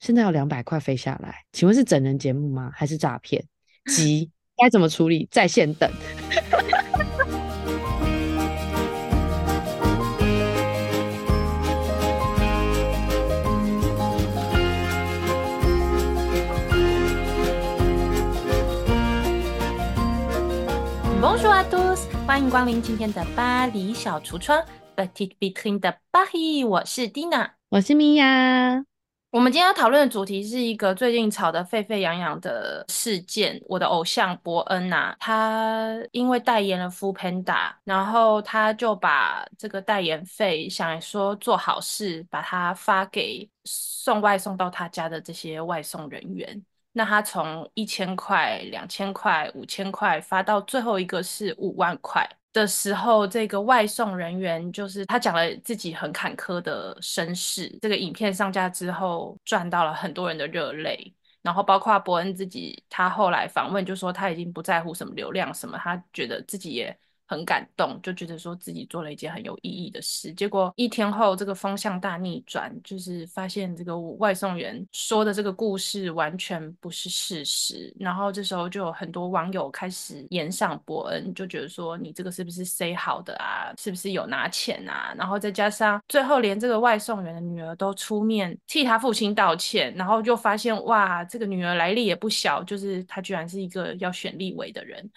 現在有兩百塊飛下來，請問是整人節目嗎？還是詐騙？急，該怎麼處理？在線等。Bonjour à tous，歡迎光臨今天的巴黎小櫥窗，Petite Vitrine de Paris，我是 Dina，我是 Mia。我們今天要討論的主題是一個最近炒得沸沸揚揚的事件。我的偶像伯恩吶、啊，他因為代言了 panda 然後他就把這個代言費想來說做好事，把它發給送外送到他家的這些外送人員。那他從一千塊、兩千塊、五千塊發到最後一個是五萬塊的時候，這個外送人員就是他講了自己很坎坷的身世。這個影片上架之後，賺到了很多人的熱淚。然後包括伯恩自己，他後來訪問就說他已經不在乎什麼流量什麼，他覺得自己也。很感動，就覺得說自己做了一件很有意義的事。結果一天後，這個風向大逆轉，就是發現這個外送員說的這個故事完全不是事實。然後這時候就有很多網友開始炎上博恩，就覺得說你這個是不是塞好的啊？是不是有拿錢啊？然後再加上最後連這個外送員的女兒都出面替他父親道歉，然後就發現哇，這個女兒來歷也不小，就是她居然是一個要選立委的人。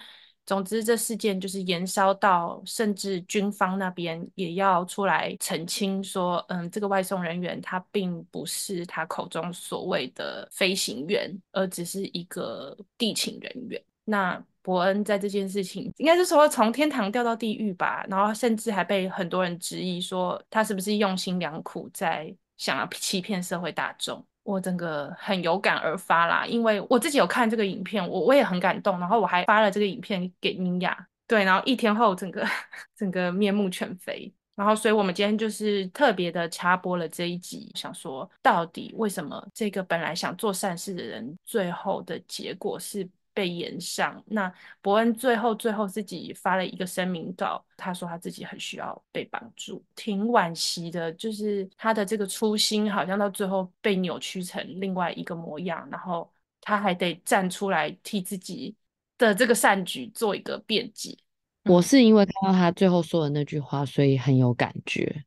總之，這事件就是延燒到，甚至軍方那邊也要出來澄清說，嗯，這個外送人員他並不是他口中所謂的飛行員，而只是一個地勤人員。那伯恩在這件事情應該是說從天堂掉到地獄吧，然後甚至還被很多人質疑說他是不是用心良苦在想要欺騙社會大眾。我整個很有感而發啦，因為我自己有看這個影片，我我也很感動，然後我還發了這個影片給妮雅，對，然後一天後整個整個面目全非，然後所以我們今天就是特別的插播了這一集，想說到底為什麼這個本來想做善事的人，最後的結果是。被炎上，那伯恩最後最後自己發了一個聲明稿。他說他自己很需要被幫助，挺惋惜的，就是他的這個初心好像到最後被扭曲成另外一個模樣，然後他還得站出來替自己的這個善舉做一個辯解。嗯、我是因為看到他最後說的那句話，嗯、所以很有感覺。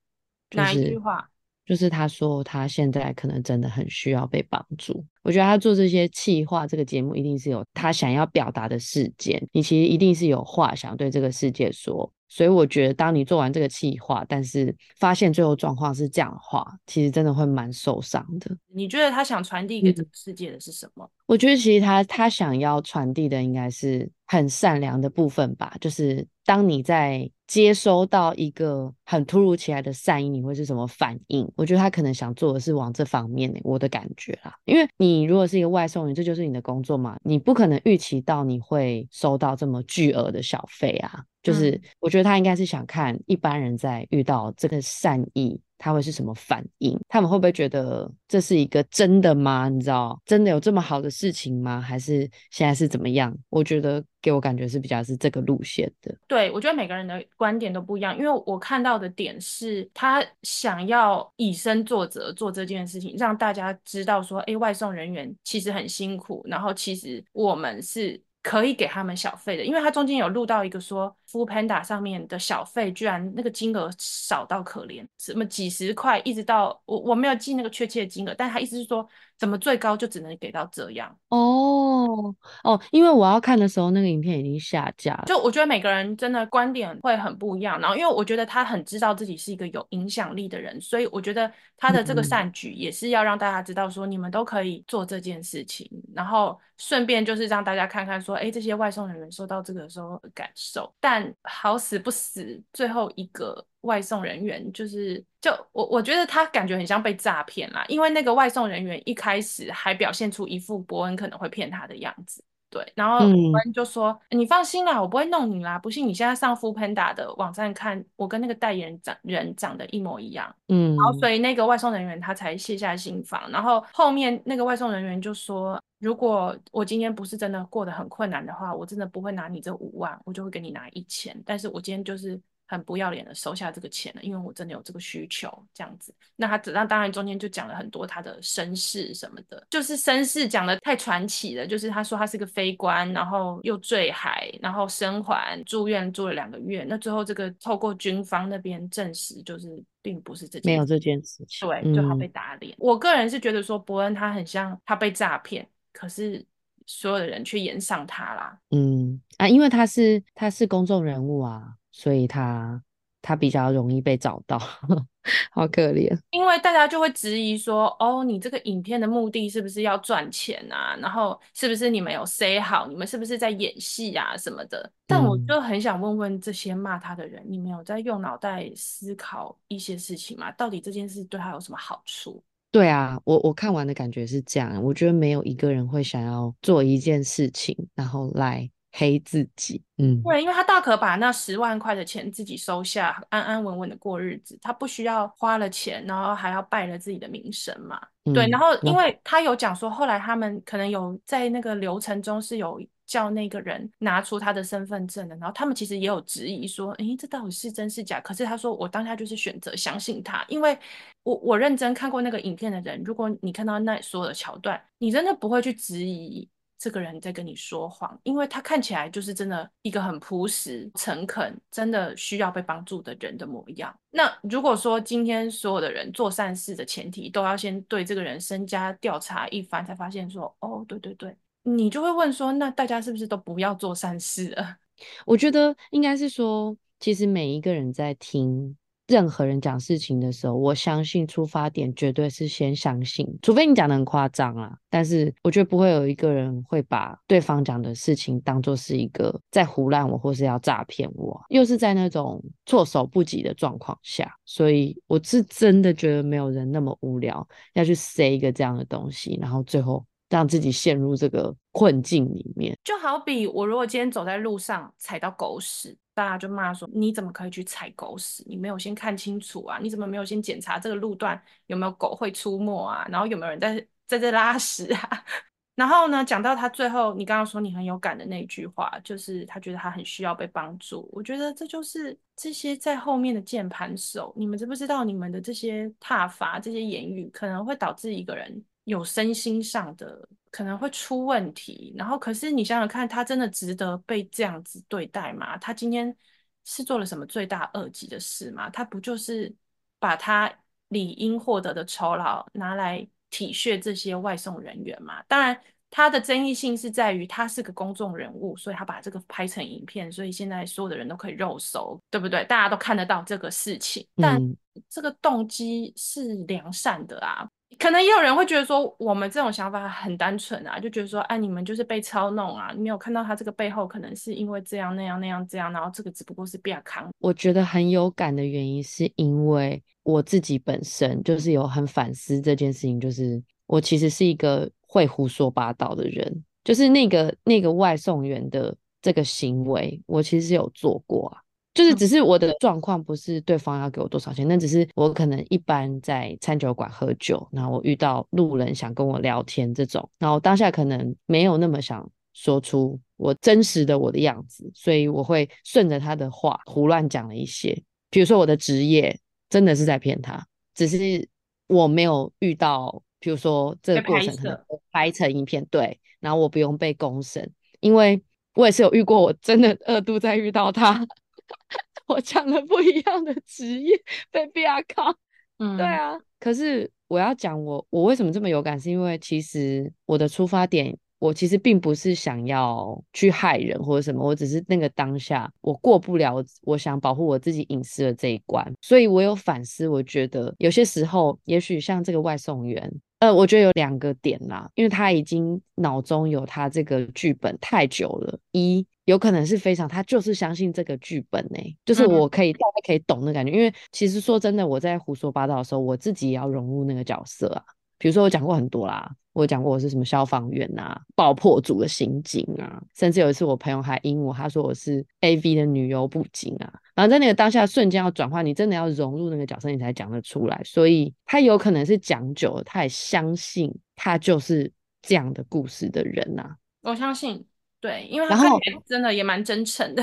就是，哪一句話？就是他說他現在可能真的很需要被幫助。我覺得他做這些企劃，這個節目一定是有他想要表達的事件。你其實一定是有話想對這個世界說，所以我覺得當你做完這個企劃，但是發現最後狀況是這樣的話，其實真的會蠻受傷的。你覺得他想傳遞給這個世界的是什麼？嗯，我覺得其實他他想要傳遞的應該是很善良的部分吧，就是當你在。接收到一個很突如其來的善意，你會是什麼反應？我覺得他可能想做的是往這方面欸，我的感覺啦。因為你如果是一個外送員，這就是你的工作嘛，你不可能預期到你會收到這麼巨額的小費啊。就是我覺得他應該是想看一般人在遇到這個善意。他會是什麼反應？他們會不會覺得這是一個真的嗎？你知道，真的有這麼好的事情嗎？還是現在是怎麼樣？我覺得給我感覺是比較是這個路線的。對，我覺得每個人的觀點都不一樣，因為我看到的點是他想要以身作則做這件事情，讓大家知道說，哎，外送人員其實很辛苦，然後其實我們是。可以給他們小費的，因為他中間有錄到一個說，Foodpanda 上面的小費居然那個金額少到可憐，什麼幾十塊，一直到我我沒有記那個確切的金額，但他意思是說，怎麼最高就只能給到這樣哦。Oh. 哦，oh, oh, 因為我要看的時候，那個影片已經下架了。就我覺得每個人真的觀點會很不一樣，然後因為我覺得他很知道自己是一個有影響力的人，所以我覺得他的這個善舉也是要讓大家知道說，你們都可以做這件事情，嗯嗯。然後順便就是讓大家看看說，哎、欸，這些外送的人員收到這個的時候的感受。但好死不死，最後一個。外送人員就是，就我我覺得他感覺很像被詐騙啦，因為那個外送人員一開始還表現出一副博恩可能會騙他的樣子，對，然後博恩就說、嗯欸：“你放心啦，我不會弄你啦，不信你現在上 foodpanda 的網站看，我跟那個代言人長人長得一模一樣。”嗯，然後所以那個外送人員他才卸下心防，然後後面那個外送人員就說：“如果我今天不是真的過得很困難的話，我真的不會拿你這五萬，我就會給你拿一千，但是我今天就是。”很不要臉的收下這個錢了，因為我真的有這個需求，這樣子。那他那他當然中間就講了很多他的身世什麼的，就是身世講得太傳奇了。就是他說他是個飛官，然後又墜海，然後生還住院住了兩個月。那最後這個透過軍方那邊證實，就是並不是這件事沒有這件事情。對，嗯、就好被打臉。我個人是覺得說伯恩他很像他被詐騙，可是所有的人卻演上他啦。嗯啊，因為他是他是公眾人物啊。所以他他比較容易被找到， 好可憐。因為大家就會質疑說：“哦，你這個影片的目的是不是要賺錢啊？然後是不是你沒有 say 好，你們是不是在演戲啊什麼的？”但我就很想問問這些罵他的人，嗯、你們有在用腦袋思考一些事情嗎？到底這件事對他有什麼好處？對啊，我我看完的感覺是這樣。我覺得沒有一個人會想要做一件事情，然後來。黑自己，嗯，對，因為他大可把那十萬塊的錢自己收下，安安穩穩的過日子，他不需要花了錢，然後還要敗了自己的名聲嘛，嗯、對。然後，因為他有講說，後來他們可能有在那個流程中是有叫那個人拿出他的身份證的，然後他們其實也有質疑說，哎、嗯，這到底是真是假？可是他說，我當下就是選擇相信他，因為我我認真看過那個影片的人，如果你看到那所有的橋段，你真的不會去質疑。這個人在跟你說謊，因為他看起來就是真的一個很樸實、誠懇、真的需要被幫助的人的模樣。那如果說今天所有的人做善事的前提都要先對這個人身家調查一番，才發現說，哦，對對對，你就會問說，那大家是不是都不要做善事了？我覺得應該是說，其實每一個人在聽。任何人講事情的時候，我相信出發點絕對是先相信，除非你講得很誇張啊。但是我覺得不會有一個人會把對方講的事情當做是一個在唬爛我，或是要詐騙我，又是在那種措手不及的狀況下。所以我是真的覺得沒有人那麼無聊要去 say 一個這樣的東西，然後最後。讓自己陷入這個困境裡面，就好比我如果今天走在路上踩到狗屎，大家就罵說：“你怎麼可以去踩狗屎？你沒有先看清楚啊？你怎麼沒有先檢查這個路段有沒有狗會出沒啊？然後有沒有人在在這拉屎啊？” 然後呢，講到他最後，你剛剛說你很有感的那一句話，就是他覺得他很需要被幫助。我覺得這就是這些在後面的鍵盤手，你們知不知道你們的這些撻伐、這些言語，可能會導致一個人。有身心上的可能會出問題，然後可是你想想看，他真的值得被這樣子對待嗎？他今天是做了什麼罪大惡極的事嗎？他不就是把他理應獲得的酬勞拿來體恤這些外送人員嗎？當然，他的爭議性是在於他是個公眾人物，所以他把這個拍成影片，所以現在所有的人都可以肉搜，對不對？大家都看得到這個事情，但這個動機是良善的啊。嗯可能也有人會覺得說，我們這種想法很單純啊，就覺得說，哎、啊，你們就是被操弄啊，你沒有看到他這個背後，可能是因為這樣那樣那樣這樣，然後這個只不過是表康。我覺得很有感的原因，是因為我自己本身就是有很反思這件事情，就是我其實是一個會胡說八道的人，就是那個那個外送員的這個行為，我其實有做過啊。就是只是我的狀況，不是對方要給我多少錢，那只是我可能一般在餐酒館喝酒，然後我遇到路人想跟我聊天這種，然後當下可能沒有那麼想說出我真實的我的樣子，所以我會順着他的話胡亂講了一些，比如說我的職業真的是在騙他，只是我沒有遇到，比如說這個過程可能拍成影片，對，然後我不用被公審，因為我也是有遇過，我真的二度再遇到他。 我講了不一樣的職業，被逼啊靠，嗯，對啊。可是我要講我，我為什麼這麼有感，是因為其實我的出發點。我其實並不是想要去害人或者什麼，我只是那個當下我過不了，我想保護我自己隱私的這一關，所以我有反思。我覺得有些時候，也許像這個外送員，呃，我覺得有兩個點啦，因為他已經腦中有他這個劇本太久了，一有可能是非常他就是相信這個劇本呢、欸，就是我可以、嗯、大家可以懂的感覺。因為其實說真的，我在胡說八道的時候，我自己也要融入那個角色啊。比如說我講過很多啦。我講過我是什麼消防員吶、啊，爆破組的刑警啊，甚至有一次我朋友還陰我，他說我是 AV 的女優布景啊，然後在那個當下瞬間要轉化，你真的要融入那個角色，你才講得出來。所以他有可能是講久了，他也相信他就是這樣的故事的人吶、啊。我相信。對，因為然後真的也蠻真誠的。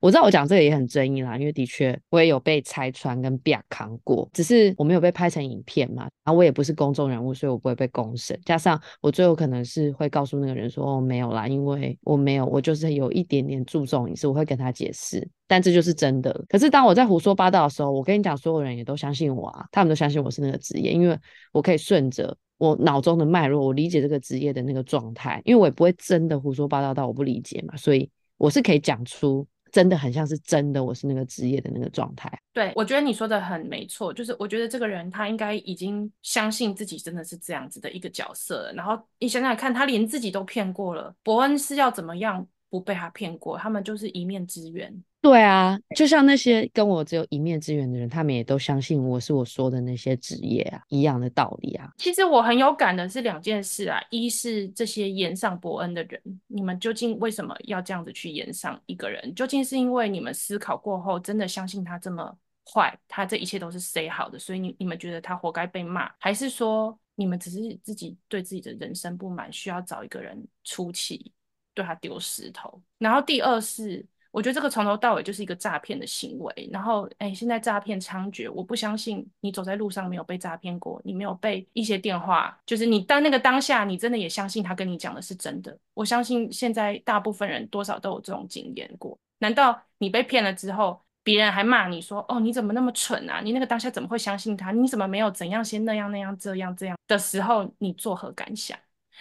我知道我講這個也很爭議啦，因為的確我也有被拆穿跟表扛過，只是我沒有被拍成影片嘛，然、啊、後我也不是公眾人物，所以我不會被公審。加上我最後可能是會告訴那個人說，哦沒有啦，因為我沒有，我就是有一點點注重隱私，我會跟他解釋。但這就是真的。可是當我在胡說八道的時候，我跟你講，所有人也都相信我啊，他們都相信我是那個職業，因為我可以順着。我腦中的脈絡，我理解這個職業的那個狀態，因為我也不會真的胡說八道到我不理解嘛，所以我是可以講出真的很像是真的，我是那個職業的那個狀態。對，我覺得你說的很沒錯，就是我覺得這個人他應該已經相信自己真的是這樣子的一個角色了。然後你想想看，他連自己都騙過了，伯恩是要怎麼樣？不被他騙過，他們就是一面之緣。對啊，就像那些跟我只有一面之緣的人，他們也都相信我是我說的那些職業啊，一樣的道理啊。其實我很有感的是兩件事啊，一是這些炎上博恩的人，你們究竟為什麼要這樣子去炎上一個人？究竟是因為你們思考過後真的相信他這麼壞，他這一切都是誰好的，所以你你們覺得他活該被罵，還是說你們只是自己對自己的人生不滿，需要找一個人出氣？對他丟石頭，然後第二是，我覺得這個從頭到尾就是一個詐騙的行為。然後，哎，現在詐騙猖獗，我不相信你走在路上沒有被詐騙過，你沒有被一些電話，就是你當那個當下，你真的也相信他跟你講的是真的。我相信現在大部分人多少都有這種經驗過。難道你被騙了之後，別人還罵你說：“哦，你怎麼那麼蠢啊？你那個當下怎麼會相信他？你怎麼沒有怎樣先那樣那樣這樣這樣這樣的時候，你作何感想？”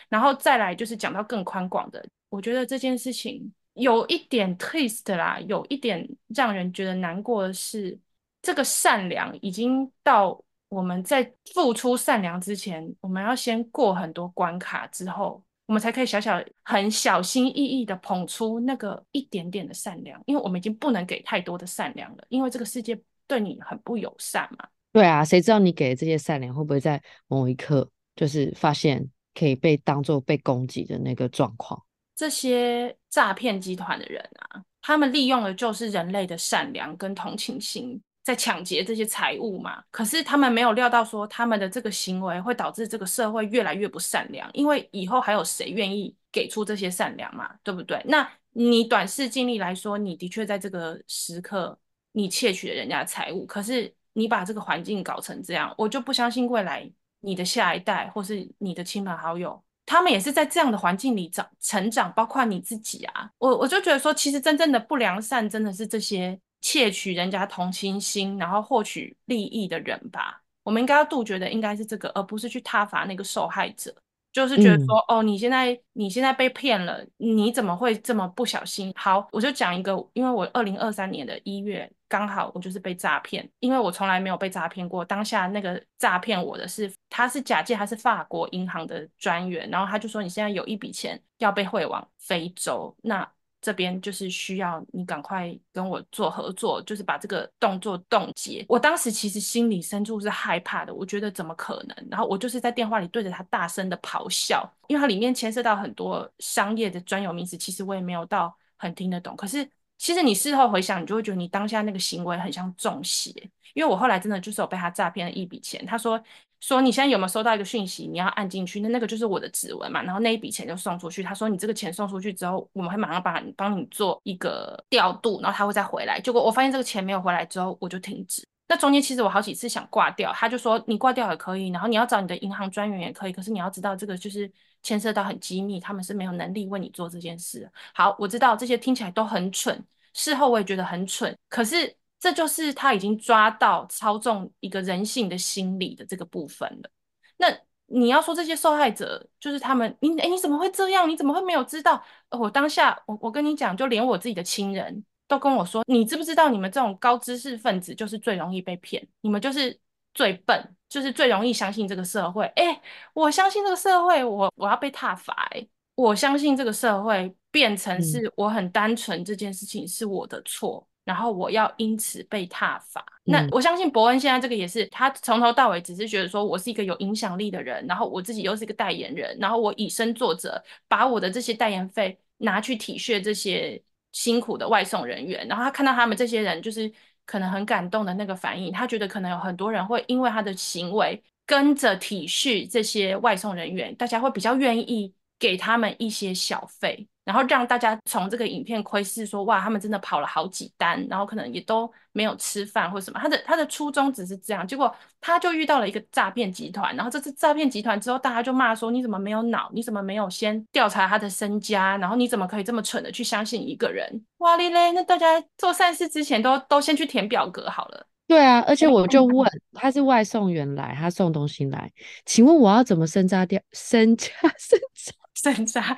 然後再來就是講到更寬廣的。我覺得這件事情有一點 twist 啦，有一點讓人覺得難過的是，這個善良已經到我們在付出善良之前，我們要先過很多關卡之後，我們才可以小小很小心翼翼的捧出那個一點點的善良，因為我們已經不能給太多的善良了，因為這個世界對你很不友善嘛。對啊，誰知道你給的這些善良會不會在某一刻就是發現可以被當做被攻擊的那個狀況？這些詐騙集團的人啊，他們利用的就是人類的善良跟同情心，在搶劫這些財物嘛。可是他們沒有料到，說他們的這個行為會導致這個社會越來越不善良，因為以後還有誰願意給出這些善良嘛？對不對？那你短視近利來說，你的確在這個時刻你竊取了人家的財物，可是你把這個環境搞成這樣，我就不相信未來你的下一代或是你的親朋好友。他們也是在這樣的環境裡長成長，包括你自己啊，我我就覺得說，其實真正的不良善，真的是這些竊取人家同情心，然後獲取利益的人吧。我們應該要杜絕的，應該是這個，而不是去撻伐那個受害者。就是覺得說，嗯、哦，你現在你現在被騙了，你怎麼會這麼不小心？好，我就講一個，因為我二零二三年的一月剛好我就是被詐騙，因為我從來沒有被詐騙過。當下那個詐騙我的是，他是假借他是法國銀行的專員，然後他就說你現在有一筆錢要被匯往非洲，那。這邊就是需要你趕快跟我做合作，就是把這個動作凍結。我當時其實心裡深處是害怕的，我覺得怎麼可能？然後我就是在電話裡對着他大聲的咆哮，因為它裡面牽涉到很多商業的專有名詞，其實我也沒有到很聽得懂。可是其實你事後回想，你就會覺得你當下那個行為很像中邪，因為我後來真的就是有被他詐騙了一筆錢。他說，說你現在有沒有收到一個訊息？你要按進去，那那個就是我的指紋嘛，然後那一筆錢就送出去。他說你這個錢送出去之後，我們會馬上幫你幫你做一個調度，然後他會再回來。結果我發現這個錢沒有回來之後，我就停止。那中間其實我好幾次想掛掉，他就說你掛掉也可以，然後你要找你的銀行專員也可以，可是你要知道這個就是牽涉到很機密，他們是沒有能力為你做這件事。好，我知道這些聽起來都很蠢，事後我也覺得很蠢，可是。這就是他已經抓到操縱一個人性的心理的這個部分了。那你要說這些受害者，就是他們，你哎、欸，你怎麼會這樣？你怎麼會沒有知道？哦、我當下，我我跟你講，就連我自己的親人都跟我說：“你知不知道？你們這種高知識分子就是最容易被騙，你們就是最笨，就是最容易相信這個社會。”欸，哎，我相信這個社會我，我我要被撻伐、欸。我相信這個社會變成是我很單純這件事情是我的錯。嗯然後我要因此被撻伐。嗯、那我相信博恩現在這個也是，他從頭到尾只是覺得說我是一個有影響力的人，然後我自己又是一個代言人，然後我以身作則，把我的這些代言費拿去體恤這些辛苦的外送人員，然後他看到他們這些人就是可能很感動的那個反應，他覺得可能有很多人會因為他的行為跟着體恤這些外送人員，大家會比較願意給他們一些小費。然後讓大家從這個影片窺視說，說哇，他們真的跑了好幾單，然後可能也都沒有吃飯或什麼。他的他的初衷只是這樣，結果他就遇到了一個詐騙集團。然後這次詐騙集團之後，大家就罵說：你怎麼沒有腦？你怎麼沒有先調查他的身家？然後你怎麼可以這麼蠢的去相信一個人？哇哩嘞！那大家做善事之前都都先去填表格好了。對啊，而且我就問、嗯、他是外送員來，他送東西來，請問我要怎麼身家掉身家身家？身家，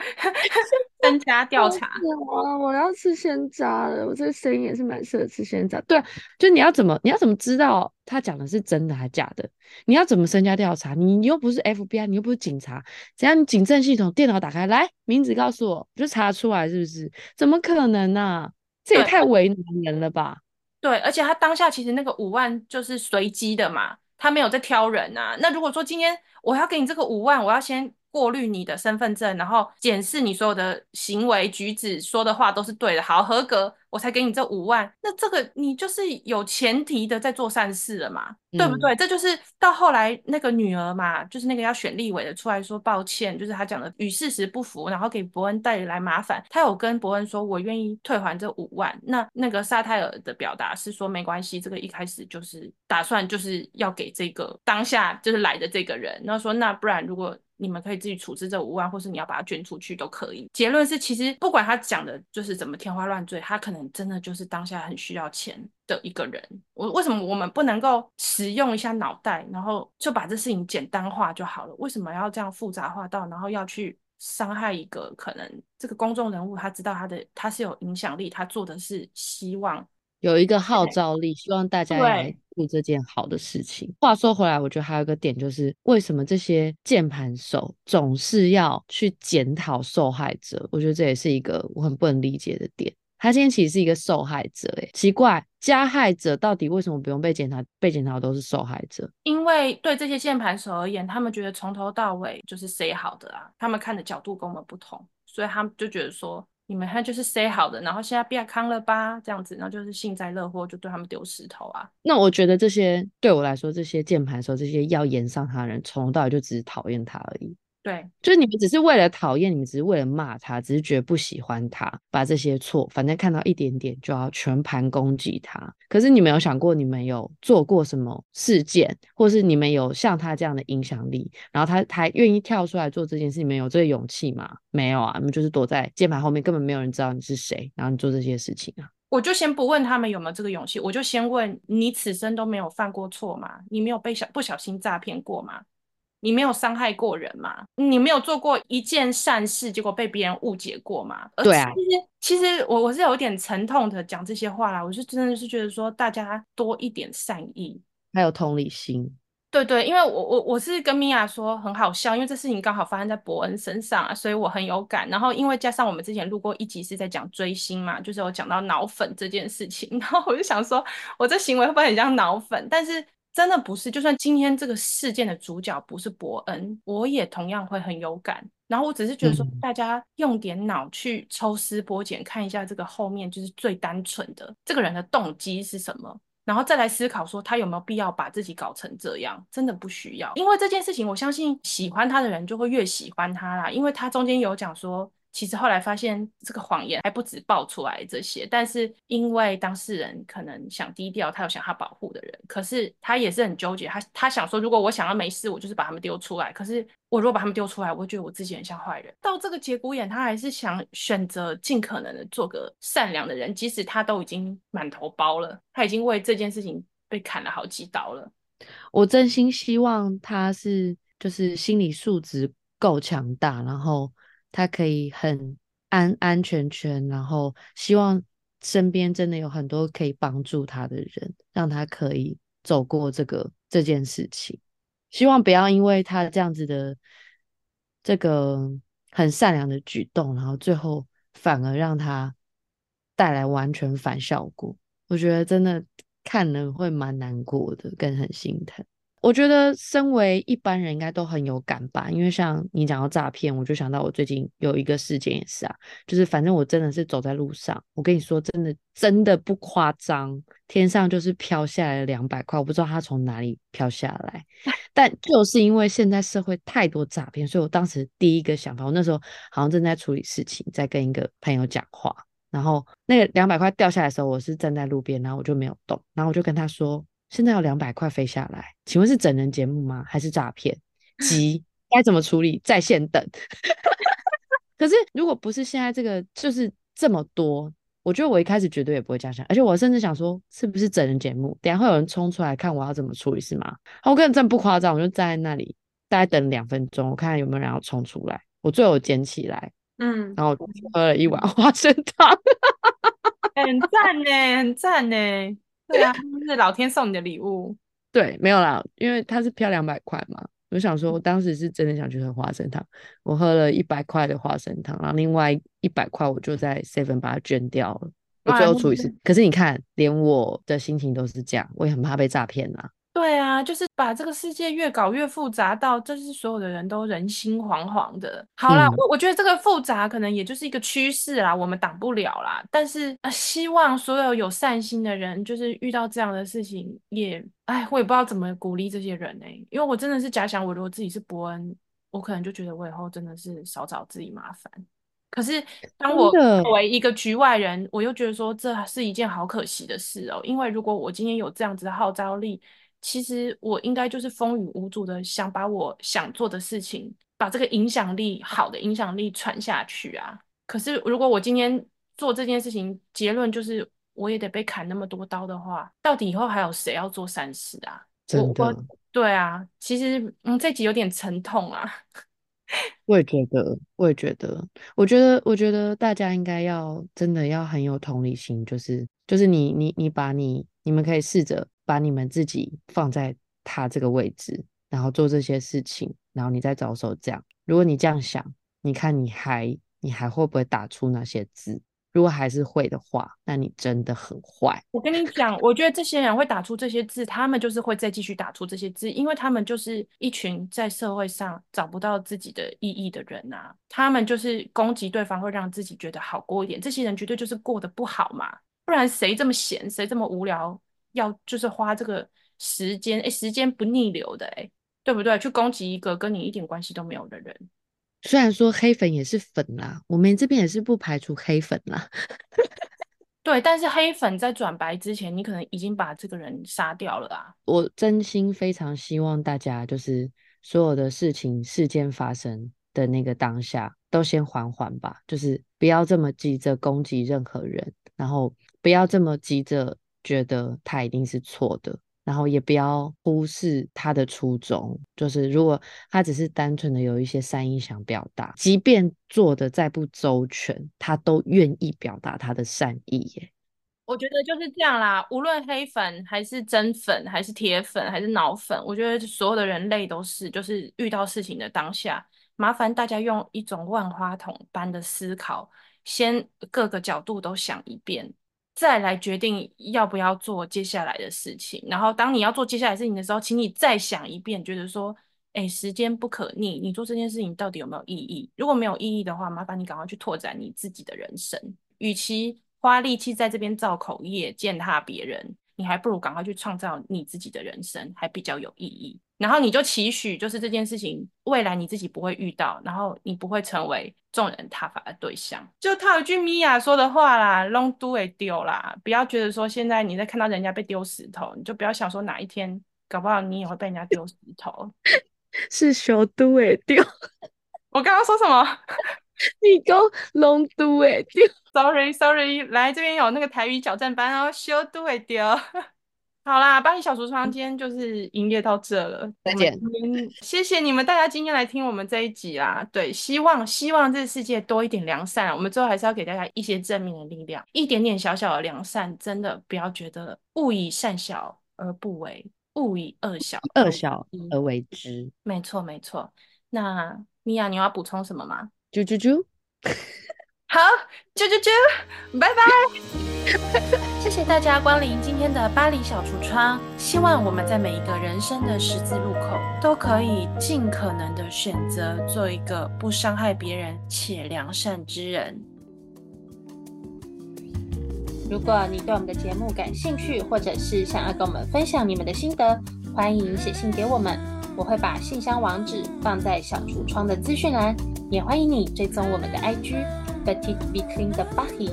身家調查。我 我要吃鮮榨的，我這個聲音也是蠻適合吃鮮榨。對，就你要怎麼，你要怎麼知道他講的是真的還是假的？你要怎麼身家調查？你你又不是 FBI，你又不是警察，只要你警政系統電腦打開，來名字告訴我，就查得出來是不是？怎麼可能呢、啊？這也太為難人了吧對？對，而且他當下其實那個五萬就是隨機的嘛，他沒有在挑人啊。那如果說今天我要給你這個五萬，我要先。過濾你的身份證，然後檢視你所有的行為舉止說的話都是對的，好合格，我才給你這五萬。那這個你就是有前提的在做善事了嘛，嗯、對不對？這就是到後來那個女兒嘛，就是那個要選立委的出來說抱歉，就是她講的與事實不符，然後給伯恩帶來麻煩。她有跟伯恩說，我願意退還這五萬。那那個薩泰爾的表達是說沒關係，這個一開始就是打算就是要給這個當下就是來的這個人。然後說那不然如果。你們可以自己處置這五萬，或是你要把它捐出去都可以。結論是，其實不管他講的就是怎麼天花亂墜，他可能真的就是當下很需要錢的一個人。我為什麼我們不能夠使用一下腦袋，然後就把這事情簡單化就好了？為什麼要這樣複雜化到，然後要去傷害一個可能這個公眾人物，他知道他的他是有影響力，他做的是希望。有一個號召力，對希望大家來做這件好的事情。對話說回來，我覺得還有一個點就是，為什麼這些鍵盤手總是要去檢討受害者？我覺得這也是一個我很不能理解的點。他今天其實是一個受害者耶，奇怪，加害者到底為什麼不用被檢討？被檢討都是受害者。因為對這些鍵盤手而言，他們覺得從頭到尾就是誰好的啊，他們看的角度跟我們不同，所以他們就覺得說。你們看就是 say 好的，然後現在變康樂吧，這樣子，然後就是幸災樂禍，就對他們丟石頭啊。那我覺得這些對我來說，這些鍵盤手，這些要炎上他的人，從頭到尾就只是討厭他而已。對，就是你們只是為了討厭，你們只是為了罵他，只是覺得不喜歡他，把這些錯反正看到一點點就要全盤攻擊他。可是你們有想過，你們有做過什麼事件，或是你們有像他這樣的影響力，然後他，他還願意跳出來做這件事，你們有這個勇氣嗎？沒有啊，你們就是躲在鍵盤後面，根本沒有人知道你是誰，然後你做這些事情啊。我就先不問他們有沒有這個勇氣，我就先問你：此生都沒有犯過錯嗎？你沒有被小不小心詐騙過嗎？你沒有傷害過人嗎？你沒有做過一件善事，結果被別人誤解過嗎？對啊，其實我我是有點沉痛的講這些話啦。我是真的是覺得說，大家多一點善意，還有同理心。對，對對，因為我我我是跟米婭說很好笑，因為這事情剛好發生在博恩身上啊，所以我很有感。然後因為加上我們之前錄過一集是在講追星嘛，就是有講到腦粉這件事情，然後我就想說，我這行為會不會很像腦粉？但是。真的不是，就算今天這個事件的主角不是伯恩，我也同樣會很有感。然後我只是覺得說，大家用點腦去抽絲剝繭，看一下這個後面就是最單純的這個人的動機是什麼，然後再來思考說他有沒有必要把自己搞成這樣，真的不需要。因為這件事情，我相信喜歡他的人就會越喜歡他啦，因為他中間有講說。其實後來發現這個謊言還不止爆出來這些，但是因為當事人可能想低調，他有想要保護的人，可是他也是很糾結，他他想說，如果我想要沒事，我就是把他們丟出來，可是我如果把他們丟出來，我會覺得我自己很像壞人。到這個節骨眼，他還是想選擇盡可能的做個善良的人，即使他都已經滿頭包了，他已經為這件事情被砍了好幾刀了。我真心希望他是就是心理素質夠強大，然後。他可以很安安全全，然後希望身邊真的有很多可以幫助他的人，讓他可以走過這個這件事情。希望不要因為他這樣子的這個很善良的舉動，然後最後反而讓他帶來完全反效果。我覺得真的看了會蠻難過的，跟很心疼。我覺得身為一般人應該都很有感吧，因為像你講到詐騙，我就想到我最近有一個事件也是啊，就是反正我真的是走在路上，我跟你說真的真的不誇張，天上就是飄下來了兩百塊，我不知道它從哪裡飄下來，但就是因為現在社會太多詐騙，所以我當時第一個想法，我那時候好像正在處理事情，在跟一個朋友講話，然後那個兩百塊掉下來的時候，我是站在路邊，然後我就沒有動，然後我就跟他說。現在要兩百塊飛下來，請問是整人節目嗎？還是詐騙？急，該怎麼處理？在線等。 可是如果不是現在這個，就是這麼多，我覺得我一開始絕對也不會這樣想，而且我甚至想說，是不是整人節目？等下會有人衝出來看我要怎麼處理是嗎？然後我根本真不誇張，我就站在那裡，大概等兩分鐘，我看有沒有人要衝出來。我最後撿起來，嗯，然後我喝了一碗花生湯 很讚呢，很讚呢。 對啊，是老天送你的禮物。 對，沒有啦，因為它是飄兩百塊嘛，我想說，我當時是真的想去喝花生湯，我喝了一百塊的花生湯，然後另外一百塊我就在 seven 把它捐掉了，我最後出一次。 可是你看，連我的心情都是這樣，我也很怕被詐騙啦。對啊，就是把這個世界越搞越複雜到，到、就、這是所有的人都人心惶惶的。好了，嗯、我我覺得這個複雜可能也就是一個趨勢啦，我們擋不了啦。但是啊、呃，希望所有有善心的人，就是遇到這樣的事情也，哎，我也不知道怎麼鼓勵這些人哎、欸，因為我真的是假想我如果自己是博恩，我可能就覺得我以後真的是少找自己麻煩。可是當我作為一個局外人，的我又覺得說這是一件好可惜的事哦、喔，因為如果我今天有這樣子的號召力。其實我應該就是風雨無阻的，想把我想做的事情，把這個影響力好的影響力傳下去啊。可是如果我今天做這件事情，結論就是我也得被砍那麼多刀的話，到底以後還有誰要做善事啊？真的。我我對啊，其實嗯，這集有點沉痛啊。 我也覺得，我也覺得，我覺得，我覺得大家應該要真的要很有同理心，就是就是你你你把你你們可以試着。把你們自己放在他這個位置，然後做這些事情，然後你再着手這樣。如果你這樣想，你看你還你還會不會打出那些字？如果還是會的話，那你真的很壞。我跟你講，我覺得這些人會打出這些字， 他們就是會再繼續打出這些字，因為他們就是一群在社會上找不到自己的意義的人啊。他們就是攻擊對方，會讓自己覺得好過一點。這些人絕對就是過得不好嘛，不然誰這麼閒，誰這麼無聊？要就是花這個時間，哎、欸，時間不逆流的、欸，哎，對不對？去攻擊一個跟你一點關係都沒有的人，雖然說黑粉也是粉啦，我們這邊也是不排除黑粉啦， 對，但是黑粉在轉白之前，你可能已經把這個人殺掉了啊。我真心非常希望大家就是所有的事情、事件發生的那個當下，都先緩緩吧，就是不要這麼急着攻擊任何人，然後不要這麼急着。覺得他一定是錯的，然後也不要忽視他的初衷。就是如果他只是單純的有一些善意想表達，即便做的再不周全，他都願意表達他的善意。耶，我覺得就是這樣啦。無論黑粉還是真粉，還是鐵粉，還是腦粉，我覺得所有的人類都是，就是遇到事情的當下，麻煩大家用一種萬花筒般的思考，先各個角度都想一遍。再來決定要不要做接下來的事情，然後當你要做接下來的事情的時候，請你再想一遍，覺得說，哎、欸，時間不可逆，你做這件事情到底有沒有意義？如果沒有意義的話，麻煩你趕快去拓展你自己的人生，與其花力氣在這邊造口業、踐踏別人，你還不如趕快去創造你自己的人生，還比較有意義。然後你就期許，就是這件事情未來你自己不會遇到，然後你不會成為眾人撻伐的對象。就套一句米婭說的話啦，long do it 丟啦，不要覺得說現在你在看到人家被丟石頭，你就不要想說哪一天搞不好你也會被人家丟石頭。是 short do it 丟，我剛剛說什麼？你說 long do it 丟，sorry sorry，來這邊有那個台語矯正班哦，short do it 丟。好啦，巴黎小櫥窗今天就是營業到這了，再見我們！謝謝你們大家今天來聽我們這一集啦，對，希望希望這世界多一點良善，我們最後還是要給大家一些正面的力量，一點點小小的良善，真的不要覺得勿以善小而不為，勿以惡小惡小而為之，嗯、沒錯沒錯。那米婭，你要補充什麼嗎？啾啾啾！ 好，啾啾啾，拜拜！ 謝謝大家光臨今天的巴黎小櫥窗。希望我們在每一個人生的十字路口，都可以盡可能的選擇做一個不傷害別人且良善之人。如果你對我們的節目感興趣，或者是想要跟我們分享你們的心得，歡迎寫信給我們，我會把信箱網址放在小櫥窗的資訊欄。也歡迎你追蹤我們的 IG。Petite vitrine de Paris，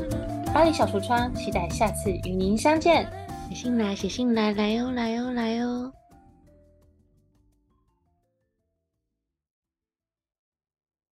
巴黎小櫥窗，期待下次與您相見。寫信來，寫信來，來喲、哦，來喲、哦，來喲、哦。